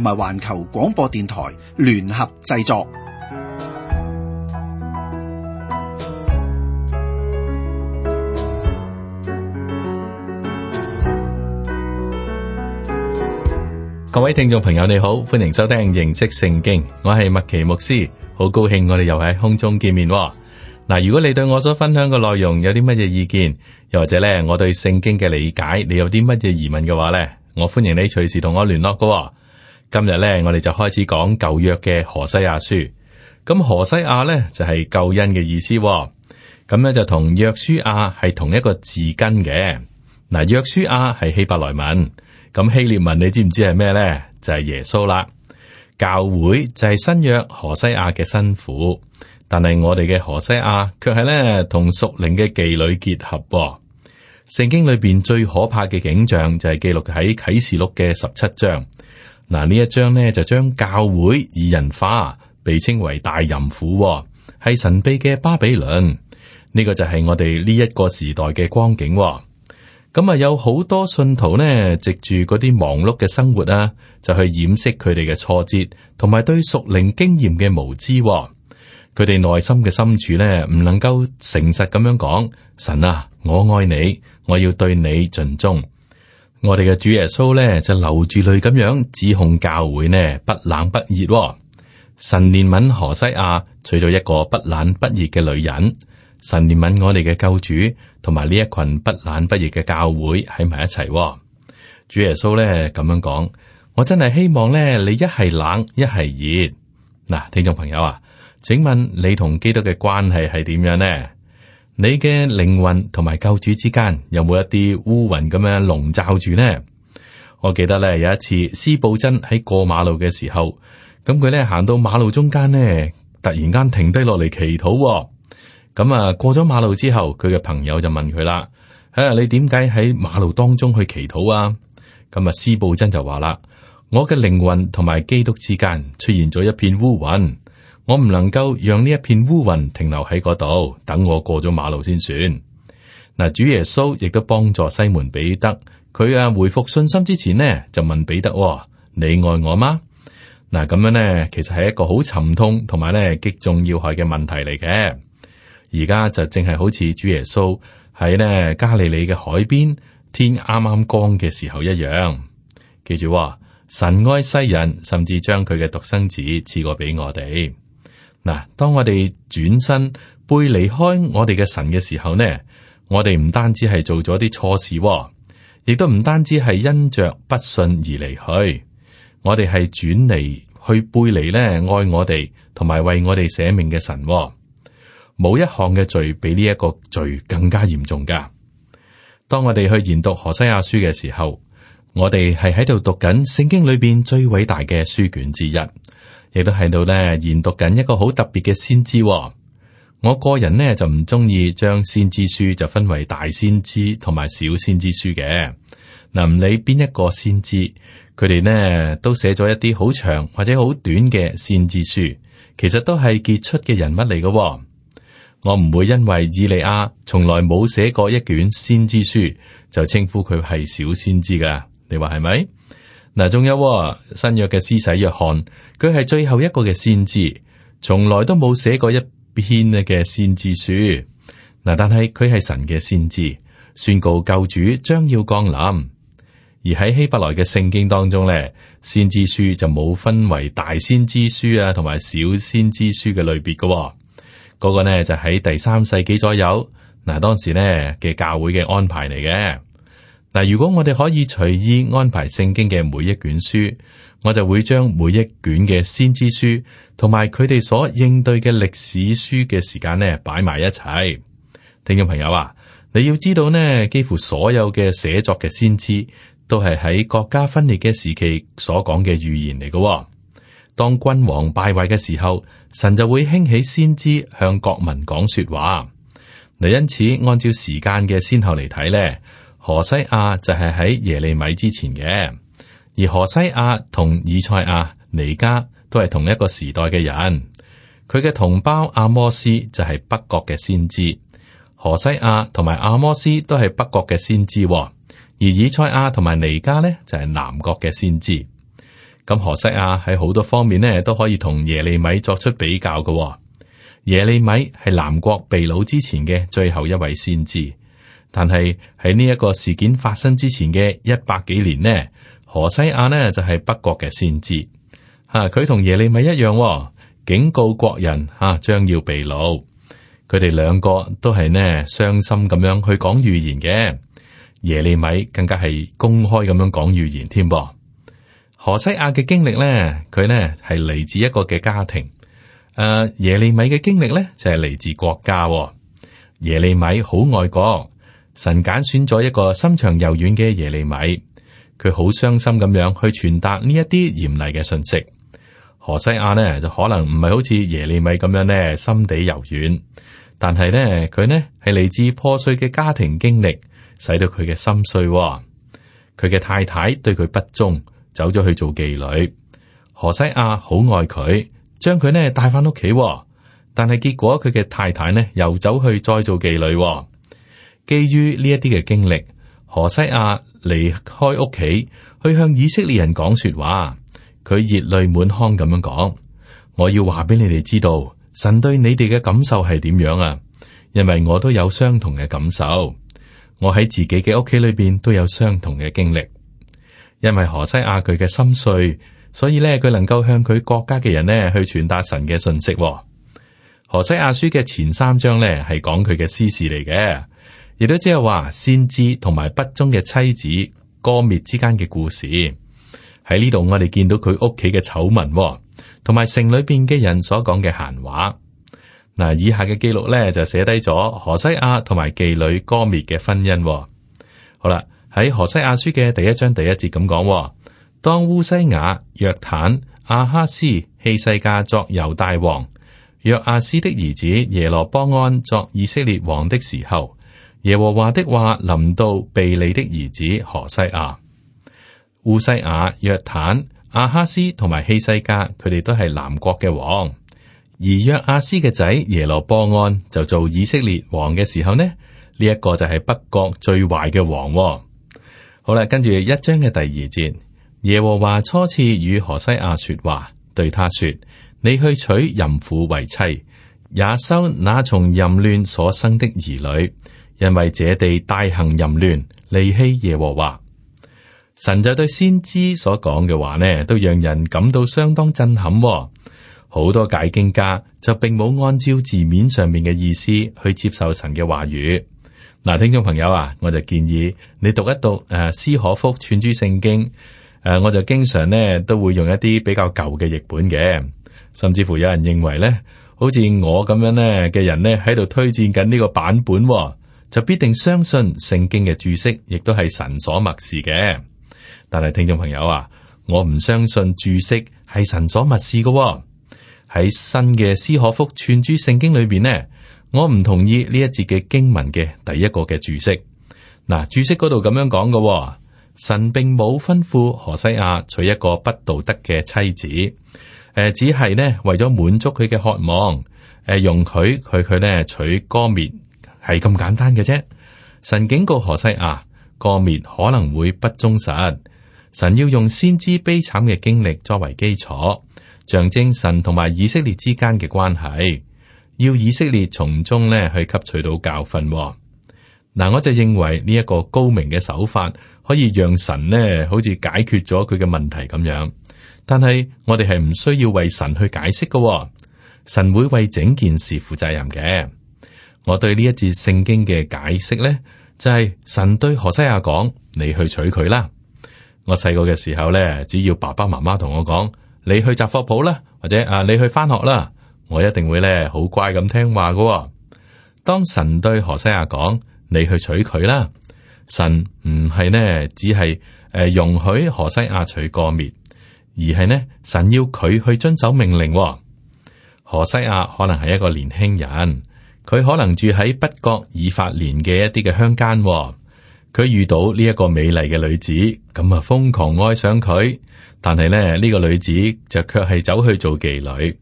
同埋環球廣播電台聯合製作。各位聽眾朋友，你好，歡迎收聽認識聖經。我係麥奇牧師，好高興我哋又喺空中見面嗱。如果你對我所分享嘅內容有啲乜嘢意見，又或者咧我對聖經嘅理解，你有啲乜嘢疑問嘅話咧，我歡迎你隨時同我聯絡噶。今日咧，我哋就開始講舊約嘅何西阿書。咁何西阿咧就係、是、救恩嘅意思、哦，咁咧就同約書亞係同一個字根嘅。嗱，約書亞係希伯來文，咁希臘文你知唔知係咩咧？就係、是、耶穌啦。教會就係新約何西阿嘅辛苦，但係我哋嘅何西阿卻係咧同屬靈嘅妓女結合、哦。聖經裏邊最可怕嘅景象就係記錄喺啟示錄嘅十七章。嗱呢一章呢，就將教會擬人化，被稱為大淫婦、哦，係神秘嘅巴比倫。呢、這個就係我哋呢一個時代嘅光景、哦。咁、嗯、啊有好多信徒呢，藉住嗰啲忙碌嘅生活啊，就去掩飾佢哋嘅挫折，同埋對屬靈經驗嘅無知、哦。佢哋內心嘅深處呢，唔能夠誠實咁樣講：神啊，我愛你，我要對你盡忠。我哋嘅主耶穌咧，就流住淚咁樣指控教會呢，不冷不熱、哦。神憐憫何西阿娶咗一個不冷不熱嘅女人，神憐憫我哋嘅救主同埋呢一群不冷不熱嘅教會喺埋一齊、哦。主耶穌咧咁樣講，我真係希望咧你一係冷一係熱。嗱，聽眾朋友啊，請問你同基督嘅關係係點樣呢？你嘅靈魂同埋救主之間有冇一啲烏雲咁樣籠罩住呢？我記得咧有一次，司布真喺過馬路嘅時候，咁佢咧行到馬路中間呢，突然間停低落嚟祈禱。咁啊，過咗馬路之後，佢嘅朋友就問佢啦：，啊，你點解喺馬路當中去祈禱啊？咁啊，司布真就話啦：，我嘅靈魂同埋基督之間出現咗一片烏雲。我唔能夠讓呢一片烏雲停留喺嗰度，等我過咗馬路先算。嗱，主耶穌亦都幫助西門彼得，佢啊回復信心之前呢，就問彼得、哦：，你愛我嗎？嗱，咁樣呢，其實係一個好沉痛同埋咧擊中要害嘅問題嚟嘅。而家就正係好似主耶穌喺呢加利利嘅海邊，天啱啱光嘅時候一樣。記住，哦、神愛世人，甚至將佢嘅獨生子賜過俾我哋。嗱，當我哋轉身背離開我哋嘅神嘅時候呢，我哋唔單止係做咗啲錯事，亦都唔單止係因着不信而離去。我哋係轉嚟去背離呢愛我哋同埋為我哋捨命嘅神。冇一項嘅罪比呢一個罪更加嚴重噶。當我哋去研讀荷西亞書嘅時候，我哋係喺度讀緊聖經裏邊最偉大嘅書卷之一。亦都喺度咧研讀緊一個好特別嘅先知喎。我個人呢就唔中意將先知書就分為大先知同埋小先知書嘅。嗱，唔理邊一個先知，佢哋呢都寫咗一啲好長或者好短嘅先知書，其實都係傑出嘅人物嚟噶。我唔會因為以利亞從來冇寫過一卷先知書，就稱呼佢係小先知噶。你話係咪？嗱，仲有新約嘅施洗約翰，佢係最後一個嘅先知，從來都冇寫過一篇咧嘅先知書。嗱，但係佢係神嘅先知，宣告救主將要降臨。而喺希伯來嘅聖經當中咧，先知書就冇分為大先知書啊同埋小先知書嘅類別嘅。嗰、那個咧就喺第三世紀左右，嗱當時咧嘅教會嘅安排嚟嘅。嗱，如果我哋可以隨意安排聖經嘅每一卷書，我就會將每一卷嘅先知書同埋佢哋所應對嘅歷史書嘅時間咧擺埋一齊。聽眾朋友啊，你要知道呢，幾乎所有嘅寫作嘅先知都係喺國家分裂嘅時期所講嘅預言嚟嘅、哦。當君王敗壞嘅時候，神就會興起先知向國民講說話。嗱，因此按照時間嘅先後嚟睇咧。何西阿就係喺耶利米之前嘅，而何西阿同以賽亞、尼加都係同一個時代嘅人。佢嘅同胞阿摩斯就係北國嘅先知，何西阿同埋阿摩斯都係北國嘅先知，而以賽亞同埋尼加呢，就係南國嘅先知。咁何西阿喺好多方面呢，都可以同耶利米作出比較嘅。耶利米係南國被擄之前嘅最後一位先知。但係喺呢一個事件發生之前嘅一百幾年呢，何西阿呢就係北國嘅先知，吓佢同耶利米一樣，警告國人吓將要被擄。佢哋兩個都係呢傷心咁樣去講預言嘅，耶利米更加係公開咁樣講預言添。何西阿嘅經歷呢，佢呢係嚟自一個嘅家庭，誒耶利米嘅經歷呢就係嚟自國家，耶利米好愛國。神揀選咗一個心腸柔軟嘅耶利米，佢好傷心咁樣去傳達呢一啲嚴厲嘅信息。何西阿呢，就可能唔係好似耶利米咁樣呢心地柔軟，但係呢，佢呢係嚟自破碎嘅家庭經歷，使到佢嘅心碎、哦。佢嘅太太對佢不忠，走咗去做妓女。何西阿好愛佢，將佢呢帶翻屋企，但係結果佢嘅太太呢又走去再做妓女、哦。基於呢一啲嘅經歷，何西阿離開屋企去向以色列人講說話，佢熱淚滿腔咁樣講：我要話俾你哋知道，神對你哋嘅感受係點樣啊？因為我,有我都有相同嘅感受，我喺自己嘅屋企裏邊都有相同嘅經歷。因為何西阿佢嘅心碎，所以咧佢能夠向佢國家嘅人呢去傳達神嘅信息。何西阿書嘅前三章咧係講佢嘅私事嚟嘅。亦都即係話先知同埋不忠嘅妻子歌滅之間嘅故事，喺呢度，我哋見到佢屋企嘅醜聞，同埋城裏邊嘅人所講嘅閒話嗱。以下嘅記錄咧就寫低咗何西阿同埋妓女歌滅嘅婚姻，哦。好啦，喺何西阿書嘅第一章第一節咁講，當烏西亞約坦阿哈斯希西家作猶大王，約阿斯的兒子耶羅波安作以色列王的時候。耶和華的話臨到備利的兒子何西阿、烏西雅、約坦、阿哈斯同埋希西加，佢哋都係南國嘅王。而約阿斯嘅仔耶羅波安就做以色列王嘅時候呢？呢、這、一個就係北國最壞嘅王、哦。好啦，跟住一章嘅第二節，耶和華初次與何西阿說話，對他說：你去娶淫婦為妻，也收那從淫亂所生的兒女。因為這地大行淫亂，離棄耶和華，神就對先知所講嘅話呢，都讓人感到相當震撼、哦。好多解經家就並冇按照字面上面嘅意思去接受神嘅話語。嗱、啊，聽眾朋友啊，我就建議你讀一讀誒、啊、斯可福串珠聖經。誒、啊，我就經常呢都會用一啲比較舊嘅譯本嘅，甚至乎有人認為咧，好似我咁樣咧嘅人咧喺度推薦緊呢個版本、哦。就必定相信聖經嘅注釋，亦都係神所默示嘅。但係聽眾朋友啊，我唔相信注釋係神所默示嘅。喺新嘅斯可福串珠聖經裏邊呢，我唔同意呢一節嘅經文嘅第一個嘅注釋。嗱，注釋嗰度咁樣講嘅，神並冇吩咐何西阿娶一個不道德嘅妻子。誒，只係呢為咗滿足佢嘅渴望，誒，容許佢佢呢娶歌蔑。係咁簡單嘅啫，神警告何西阿，啊，歌篾可能會不忠實。神要用先知悲慘嘅經歷作為基礎，象徵神同埋以色列之間嘅關係，要以色列從中咧去吸取到教訓。嗱，我就認為呢一個高明嘅手法，可以讓神呢好似解決咗佢嘅問題咁樣。但係我哋係唔需要為神去解釋嘅，神會為整件事負責任嘅。我對呢一節聖經嘅解釋呢，就係、是、神對何西阿講：你去娶佢啦。我細個嘅時候呢，只要爸爸媽媽同我講：你去雜貨鋪啦，或者啊，你去返學啦，我一定會呢好乖咁聽話㗎、哦。當神對何西阿講：你去娶佢啦。神唔係呢，只係誒容許何西阿娶歌篾，而係呢，神要佢去遵守命令、哦。何西阿可能係一個年輕人。佢可能住喺北國以法蓮嘅一啲嘅鄉間，佢遇到呢一個美麗嘅女子，咁啊瘋狂愛上佢。但係咧呢、這個女子就卻係走去做妓女，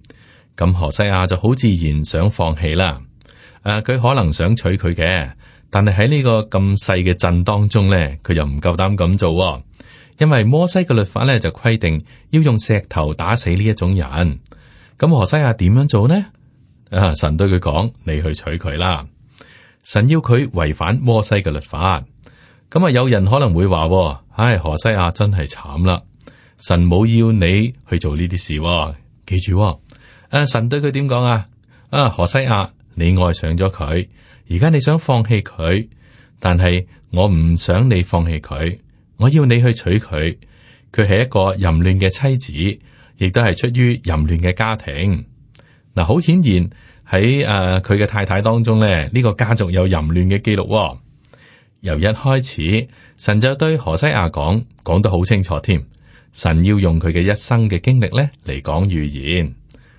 咁何西阿就好自然想放棄啦。誒、啊，佢可能想娶佢嘅，但係喺呢個咁細嘅鎮當中咧，佢又唔夠膽咁做、哦，因為摩西嘅律法咧就規定要用石頭打死呢一種人。咁何西阿點樣做呢？啊！神對佢講，你去娶佢啦。神要佢違反摩西嘅律法。咁啊，有人可能會話，唉、哎，何西阿真係慘啦。神冇要你去做呢啲事、哦，記住、哦。誒、啊，神對佢點講啊？啊，何西阿，你愛上咗佢，而家你想放棄佢，但係我唔想你放棄佢，我要你去娶佢。佢係一個淫亂嘅妻子，亦都係出於淫亂嘅家庭。嗱，好顯然喺誒佢嘅太太當中咧，呢、這個家族有淫亂嘅記錄、哦。由一開始神就對何西阿講，講得好清楚添。神要用佢嘅一生嘅經歷咧嚟講預言。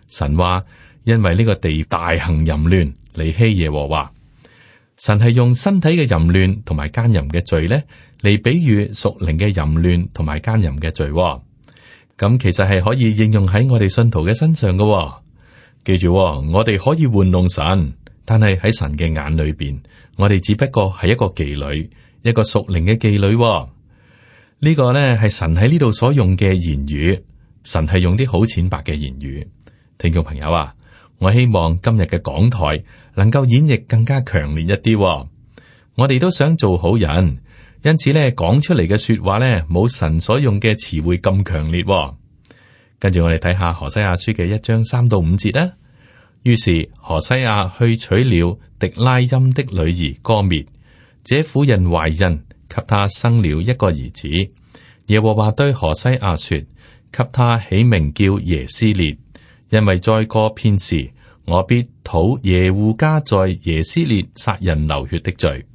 神話因為呢個地大行淫亂，離棄耶和華。神係用身體嘅淫亂同埋奸淫嘅罪咧嚟比喻屬靈嘅淫亂同埋奸淫嘅罪、哦。咁其實係可以應用喺我哋信徒嘅身上嘅、哦。記住、哦，我哋可以玩弄神，但係喺神嘅眼裏邊，我哋只不過係一個妓女，一個屬靈嘅妓女、哦。呢、呢個呢係神喺呢度所用嘅言語，神係用啲好淺白嘅言語。聽眾朋友啊，我希望今日嘅講台能夠演繹更加強烈一啲、哦。我哋都想做好人，因此呢講出嚟嘅說話呢，冇神所用嘅詞彙咁強烈、哦。跟住我哋睇下《何西阿書》嘅一章三到五節啦、啊。於是何西阿去娶了狄拉音的女兒歌滅。這婦人懷孕，給她生了一個兒子。耶和華對何西阿說：給他起名叫耶斯列，因為再過片時，我必討耶戶家在耶斯列殺人流血的罪，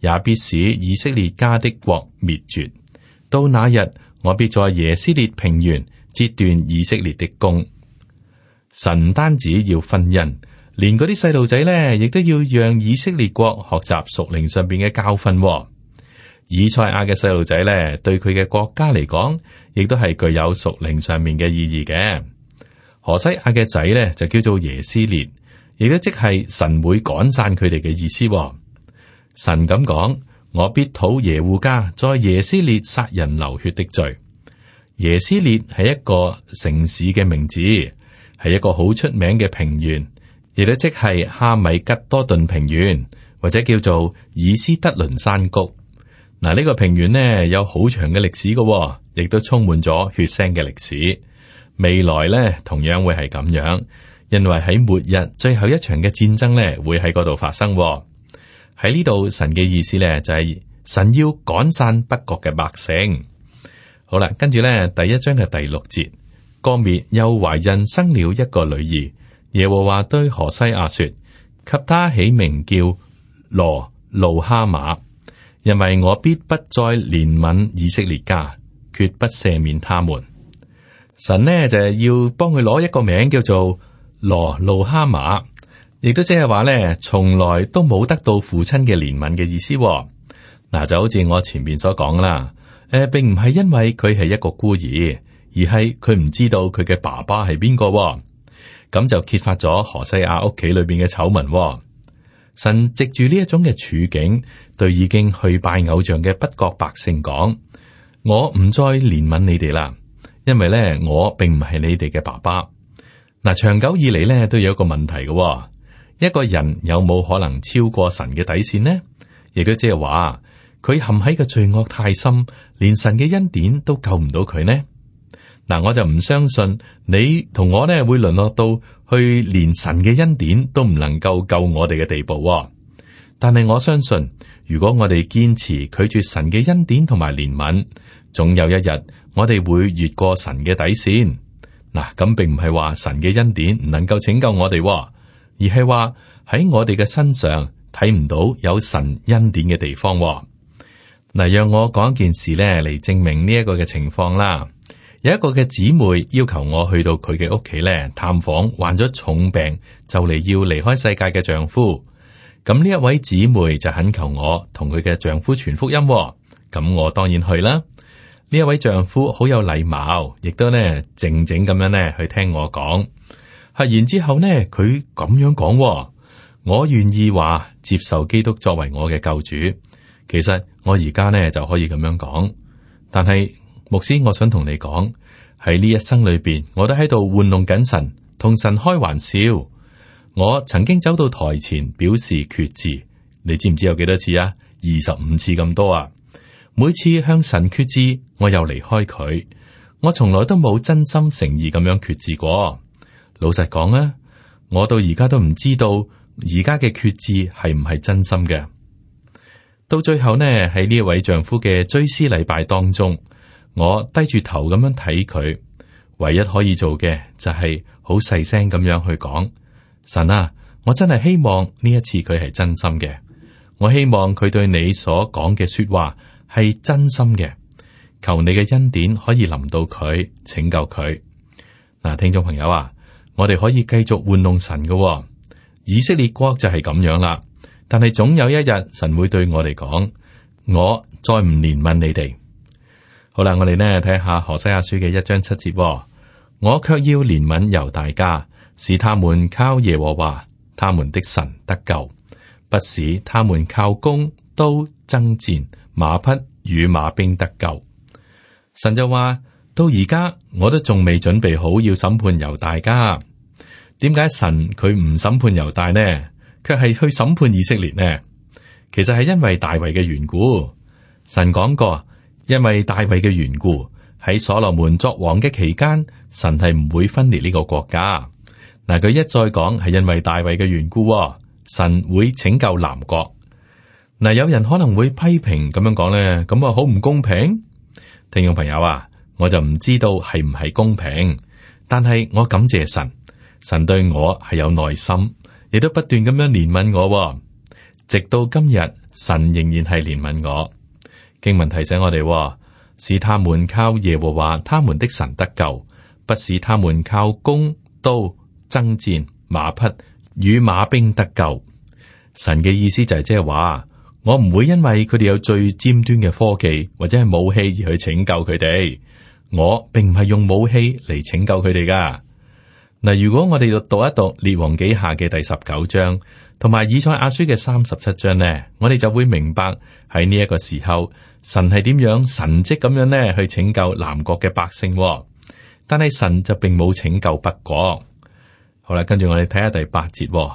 也必使以色列家的國滅絕。到那日，我必在耶斯列平原。截斷以色列的弓，神唔單止要訓人。連嗰啲細路仔呢，亦都要讓以色列國學習屬靈上邊嘅教訓。以賽亞嘅細路仔呢，對佢嘅國家嚟講，亦都係具有屬靈上面嘅意義嘅。何西阿嘅仔呢，就叫做耶斯列，亦都即係神會趕散佢哋嘅意思。神咁講：我必討耶戶家在耶斯列殺人流血的罪。耶斯列係一個城市嘅名字，係一個好出名嘅平原，亦都即係哈米吉多頓平原，或者叫做以斯德倫山谷。嗱，呢個平原呢，有好長嘅歷史噶，亦都充滿咗血腥嘅歷史。未來呢，同樣會係咁樣，因為喺末日最後一場嘅戰爭呢，會喺嗰度發生。喺呢度神嘅意思呢，就係神要趕散北國嘅百姓。好啦，跟住咧，第一章嘅第六節，歌篾又懷孕生了一個女兒。耶和華對何西阿說，給他起名叫羅路哈馬，因為我必不再憐憫以色列家，決不赦免他們。神呢，就係要幫佢攞一個名叫做羅路哈馬，亦都即係話呢，從來都冇得到父親嘅憐憫嘅意思。嗱、啊，就好似我前面所講啦。誒，並唔係因為佢係一個孤兒，而係佢唔知道佢嘅爸爸係邊個，咁就揭發咗何西阿屋企裏邊嘅醜聞。神藉住呢一種嘅處境，對已經去拜偶像嘅北國百姓講：我唔再憐憫你哋啦，因為咧，我並唔係你哋嘅爸爸。嗱，長久以嚟咧，都有一個問題嘅，一個人有冇可能超過神嘅底線呢？亦都即係話。佢陷喺個罪惡太深，連神嘅恩典都救唔到佢呢？嗱，我就唔相信你同我呢會淪落到去連神嘅恩典都唔能夠救我哋嘅地步。但係我相信，如果我哋堅持拒絕神嘅恩典同埋憐憫，總有一日我哋會越過神嘅底線。嗱，咁並唔係話神嘅恩典唔能夠拯救我哋，而係話喺我哋嘅身上睇唔到有神恩典嘅地方。嗱，讓我講件事呢嚟證明呢一個嘅情況啦。有一個嘅姊妹要求我去到佢嘅屋企呢探訪，患咗重病就嚟要離開世界嘅丈夫。咁呢一位姊妹就懇求我同佢嘅丈夫傳福音。咁我當然去啦。呢一位丈夫好有禮貌，亦都呢靜靜咁樣呢去聽我講。係，然之後呢，佢咁樣講：我願意話接受基督作為我嘅救主。其實。我而家呢就可以咁樣講，但係牧師，我想同你講，喺呢一生裏面，我都喺度玩弄緊神，同神開玩笑。我曾經走到台前表示決志，你知唔知有幾多次啊？二十五次咁多啊！每次向神決志，我又離開佢，我從來都冇真心誠意咁樣決志過。老實講啊，我到而家都唔知道而家嘅決志係唔係真心嘅。到最後呢，喺呢位丈夫嘅追思禮拜當中，我低住頭咁樣睇佢，唯一可以做嘅就係好細聲咁樣去講，神啊！我真係希望呢一次佢係真心嘅，我希望佢對你所講嘅說話係真心嘅，求你嘅恩典可以臨到佢，拯救佢。嗱，聽眾朋友啊，我哋可以繼續玩弄神嘅，哦，以色列國就係咁樣啦。但係總有一日，神會對我哋講：我再唔憐憫你哋。好啦，我哋呢睇下何西阿書嘅一章七節，哦，我卻要憐憫猶大家，使他們靠耶和華他們的神得救，不使他們靠弓刀爭戰馬匹與馬兵得救。神就話：到而家我都仲未準備好要審判猶大家。點解神佢唔審判猶大呢？卻係去審判以色列呢？其實係因為大衛嘅緣故。神講過，因為大衛嘅緣故，喺所羅門作王嘅期間，神係唔會分裂呢個國家。嗱，佢一再講係因為大衛嘅緣故，神會拯救南國。嗱，有人可能會批評咁樣講呢，咁啊好唔公平。聽眾朋友啊，我就唔知道係唔係公平，但係我感謝神，神對我係有耐心。你都不斷咁樣憐憫我，直到今日，神仍然係憐憫我。經文提醒我哋，使、哦、他們靠耶和華他們的神得救，不使他們靠弓刀爭戰馬匹與馬兵得救。神嘅意思就係即係話，我唔會因為佢哋有最尖端嘅科技或者係武器而去拯救佢哋，我並唔係用武器嚟拯救佢哋噶。嗱，如果我哋要讀一讀《列王記下》嘅第十九章，同埋《以賽亞書》嘅三十七章呢，我哋就會明白喺呢一個時候，神係點樣神蹟咁樣咧去拯救南國嘅百姓，但係神就並冇拯救北國。好啦，跟住我哋睇下第八節，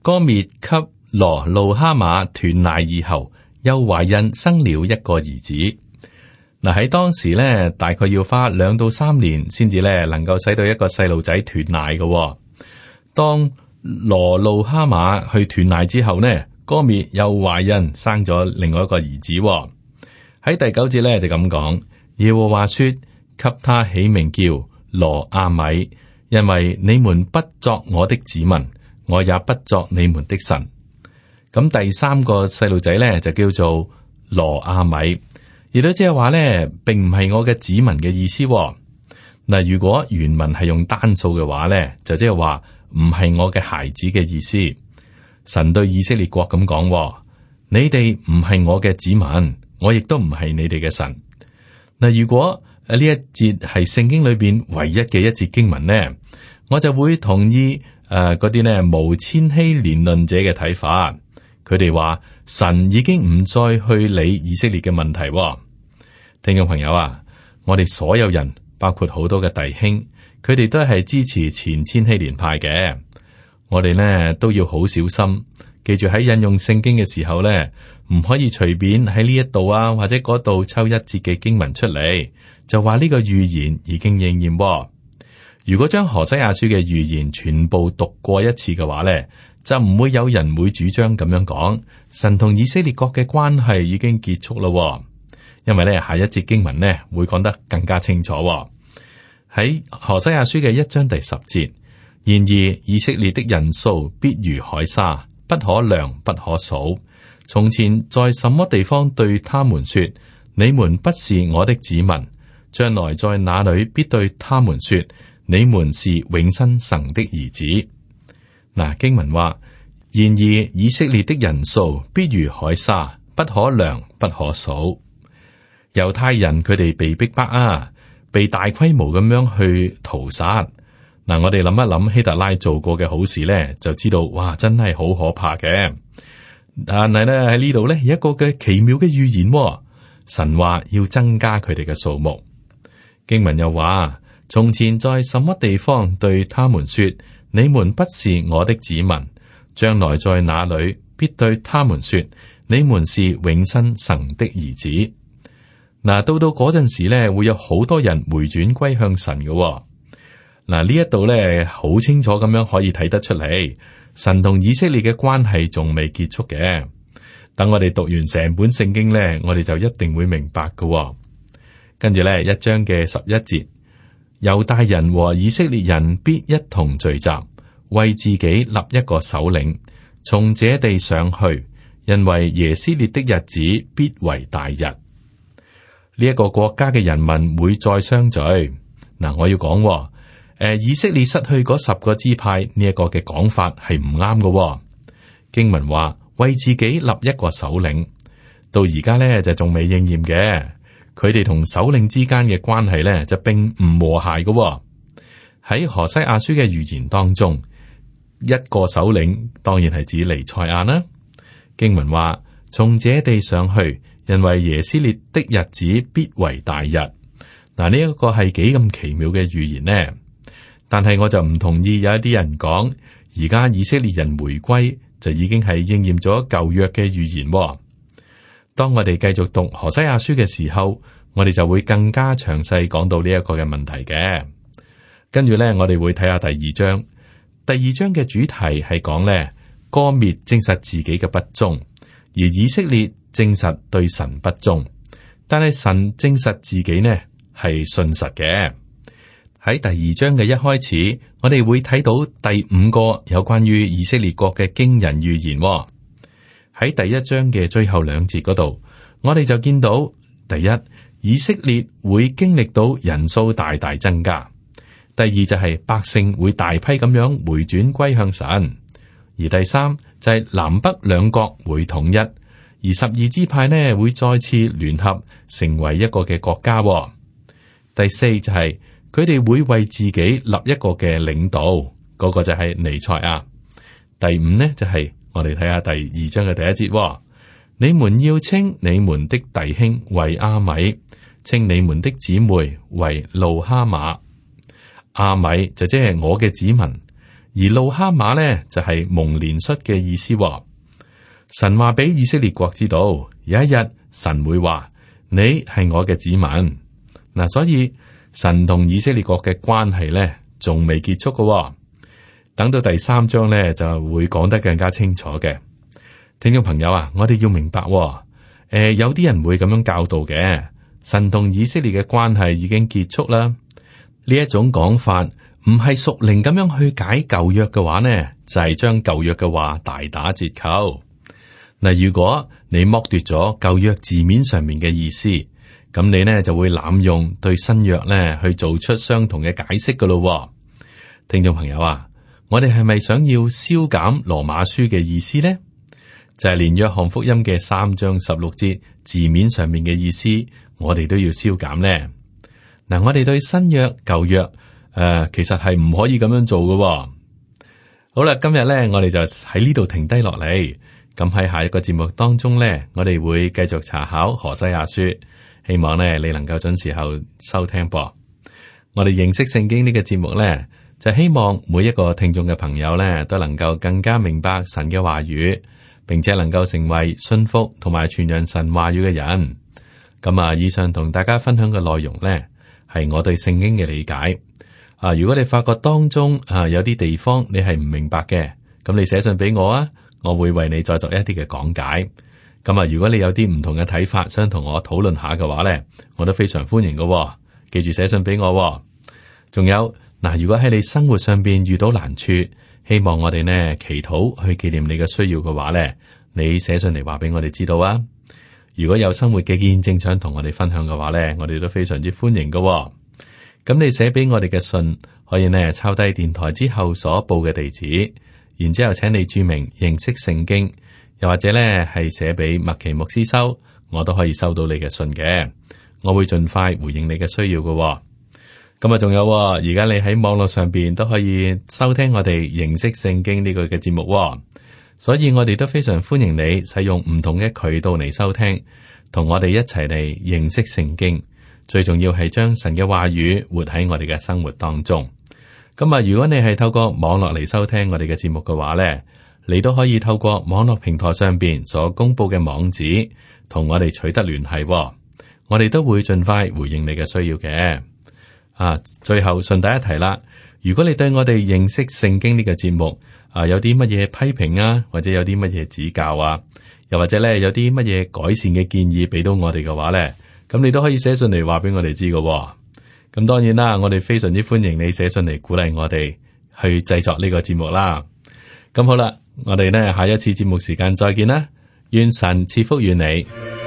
哥滅給羅路哈馬斷奶以後，又懷孕生了一個兒子。嗱，喺當時咧，大概要花兩到三年先至咧，能夠使到一個細路仔斷奶嘅。當羅路哈馬去斷奶之後呢，歌蔑又懷孕生咗另外一個兒子哦。喺第九節咧就咁講，耶和華說：給他起名叫羅阿米，因為你們不作我的子民，我也不作你們的神。咁第三個細路仔咧就叫做羅阿米。而都即係話咧，並唔係我嘅子民嘅意思。嗱，如果原文係用單數嘅話咧，就即係話唔係我嘅孩子嘅意思。神對以色列國咁講：，你哋唔係我嘅子民，我亦都唔係你哋嘅神。嗱，如果誒呢一節係聖經裏邊唯一嘅一節經文咧，我就會同意誒嗰啲咧無千禧年論者嘅睇法。佢哋話神已經唔再去理以色列嘅問題。聽眾朋友啊，我哋所有人包括好多嘅弟兄，佢哋都係支持前千禧年派嘅。我哋呢都要好小心，記住喺引用聖經嘅時候呢，唔可以隨便喺呢一度啊或者嗰度抽一節嘅經文出嚟，就話呢個預言已經應驗。如果將何西阿書嘅預言全部讀過一次嘅話呢，就唔會有人會主張咁樣講，神同以色列國嘅關係已經結束咯。因為呢下一節經文呢，會講得更加清楚。喺何西阿書嘅一章第十節，然而以色列的人數必如海沙，不可量，不可數。從前在什麼地方對他們說，你們不是我的子民，將來在哪裏必對他們說，你們是永生神的兒子。嗱，經文話，然而以，以色列的人數必如海沙，不可量，不可數。猶太人佢哋被逼迫啊，被大規模咁樣去屠殺。嗱，我哋諗一諗希特拉做過嘅好事咧，就知道哇，真係好可怕嘅。但係呢，喺呢度咧有一個嘅奇妙嘅預言啊，神話要增加佢哋嘅數目。經文又話，從前在什麼地方對他們說？你們不是我的子民，將來在那裏，必對他們說：你們是永生神的兒子。嗱，到到嗰陣時咧，會有好多人回轉歸向神嘅哦。嗱，呢一度咧，好清楚咁樣可以睇得出嚟，神同以色列嘅關係仲未結束嘅。等我哋讀完成本聖經咧，我哋就一定會明白嘅哦。跟住咧，一章嘅十一節。猶大人和以色列人必一同聚集，為自己立一個首領，從這地上去，因為耶斯列的日子必為大日。呢一個國家嘅人民會再相聚。嗱，我要講，誒，以色列失去嗰十個支派呢一個嘅講法係唔啱嘅。經文話為自己立一個首領，到而家咧就仲未應驗嘅。佢哋同首領之間嘅關係呢，就並唔和諧嘅喎。喺何西阿書嘅預言當中，一個首領當然係指彌賽亞啦。經文話：從這地上去，因為耶斯列的日子必為大日。嗱，呢一個係幾咁奇妙嘅預言呢？但係我就唔同意有一啲人講，而家以色列人回歸就已經係應驗咗舊約嘅預言喎。當我哋繼續讀何西阿書嘅時候，我哋就會更加詳細講到呢一個嘅問題嘅。跟住呢，我哋會睇下第二章。第二章嘅主題係講呢：「歌滅證實自己嘅不忠，而以色列證實對神不忠。」但係神證實自己呢係信實嘅。喺第二章嘅一開始，我哋會睇到第五個有關於以色列國嘅驚人預言哦。喺第一章嘅最後兩節嗰度，我哋就見到第一，以色列會經歷到人數大大增加；第二就係百姓會大批咁樣回轉歸向神；而第三就係南北兩國會統一，而十二支派呢，會再次聯合成為一個嘅國家，哦。第四就係佢哋會為自己立一個嘅領導，嗰，那個就係彌賽亞，第五呢就係，是。我哋睇下第二章嘅第一節、哦，你們要稱你們的弟兄為阿米，稱你們的姊妹為路哈馬。阿米就即係我嘅子民，而路哈馬呢，就係蒙憐恤嘅意思、哦。喎，神話畀以色列國知道，有一日神會話你係我嘅子民。嗱，所以神同以色列國嘅關係呢，仲未結束嘅、哦。等到第三章咧，就會講得更加清楚嘅。聽眾朋友啊，我哋要明白、哦，誒、呃，有啲人會咁樣教導嘅。神同以色列嘅關係已經結束啦。呢一種講法唔係屬靈咁樣去解舊約嘅話呢，就係、是、將舊約嘅話大打折扣。嗱，如果你剝奪咗舊約字面上面嘅意思，咁你呢就會濫用對新約呢去做出相同嘅解釋噶咯。聽眾朋友啊！我哋係咪想要消減羅馬書嘅意思呢？就係、是、連約翰福音嘅三章十六節字面上面嘅意思，我哋都要消減呢？嗱、嗯，我哋對新約舊約誒、呃，其實係唔可以咁樣做嘅、哦。好啦，今日咧我哋就喺呢度停低落嚟。咁喺下一個節目當中咧，我哋會繼續查考何西阿書，希望咧你能夠準時候收聽噃。我哋認識聖經、這個、節呢個節目咧。就希望每一個聽眾嘅朋友咧，都能夠更加明白神嘅話語，並且能夠成為信服同埋傳揚神話語嘅人。咁啊，以上同大家分享嘅內容呢，係我對聖經嘅理解。啊，如果你發覺當中啊有啲地方你係唔明白嘅，咁你寫信俾我啊，我會為你再作一啲嘅講解。咁啊，如果你有啲唔同嘅睇法，想同我討論下嘅話咧，我都非常歡迎嘅。記住寫信俾我，仲有。嗱，如果喺你生活上邊遇到難處，希望我哋呢祈禱去紀念你嘅需要嘅話呢，你寫信嚟話俾我哋知道啊！如果有生活嘅見證想同我哋分享嘅話呢，我哋都非常之歡迎噶哦。咁你寫俾我哋嘅信，可以呢抄低電台之後所報嘅地址，然之後請你注明認識聖經，又或者呢係寫俾麥奇牧師收，我都可以收到你嘅信嘅，我會盡快回應你嘅需要噶哦。咁啊，仲有而、哦、家你喺網絡上邊都可以收聽我哋認識聖經呢個嘅節目、哦，所以我哋都非常歡迎你使用唔同嘅渠道嚟收聽，同我哋一齊嚟認識聖經。最重要係將神嘅話語活喺我哋嘅生活當中。咁、嗯、啊，如果你係透過網絡嚟收聽我哋嘅節目嘅話呢，你都可以透過網絡平台上邊所公布嘅網址同我哋取得聯繫、哦，我哋都會盡快回應你嘅需要嘅。啊，最後順帶一提啦，如果你對我哋認識聖經呢個節目啊，有啲乜嘢批評啊，或者有啲乜嘢指教啊，又或者咧有啲乜嘢改善嘅建議俾到我哋嘅話咧，咁你都可以寫信嚟話俾我哋知嘅。咁當然啦，我哋非常之歡迎你寫信嚟鼓勵我哋去製作呢個節目啦。咁好啦，我哋咧下一次節目時間再見啦，願神賜福與你。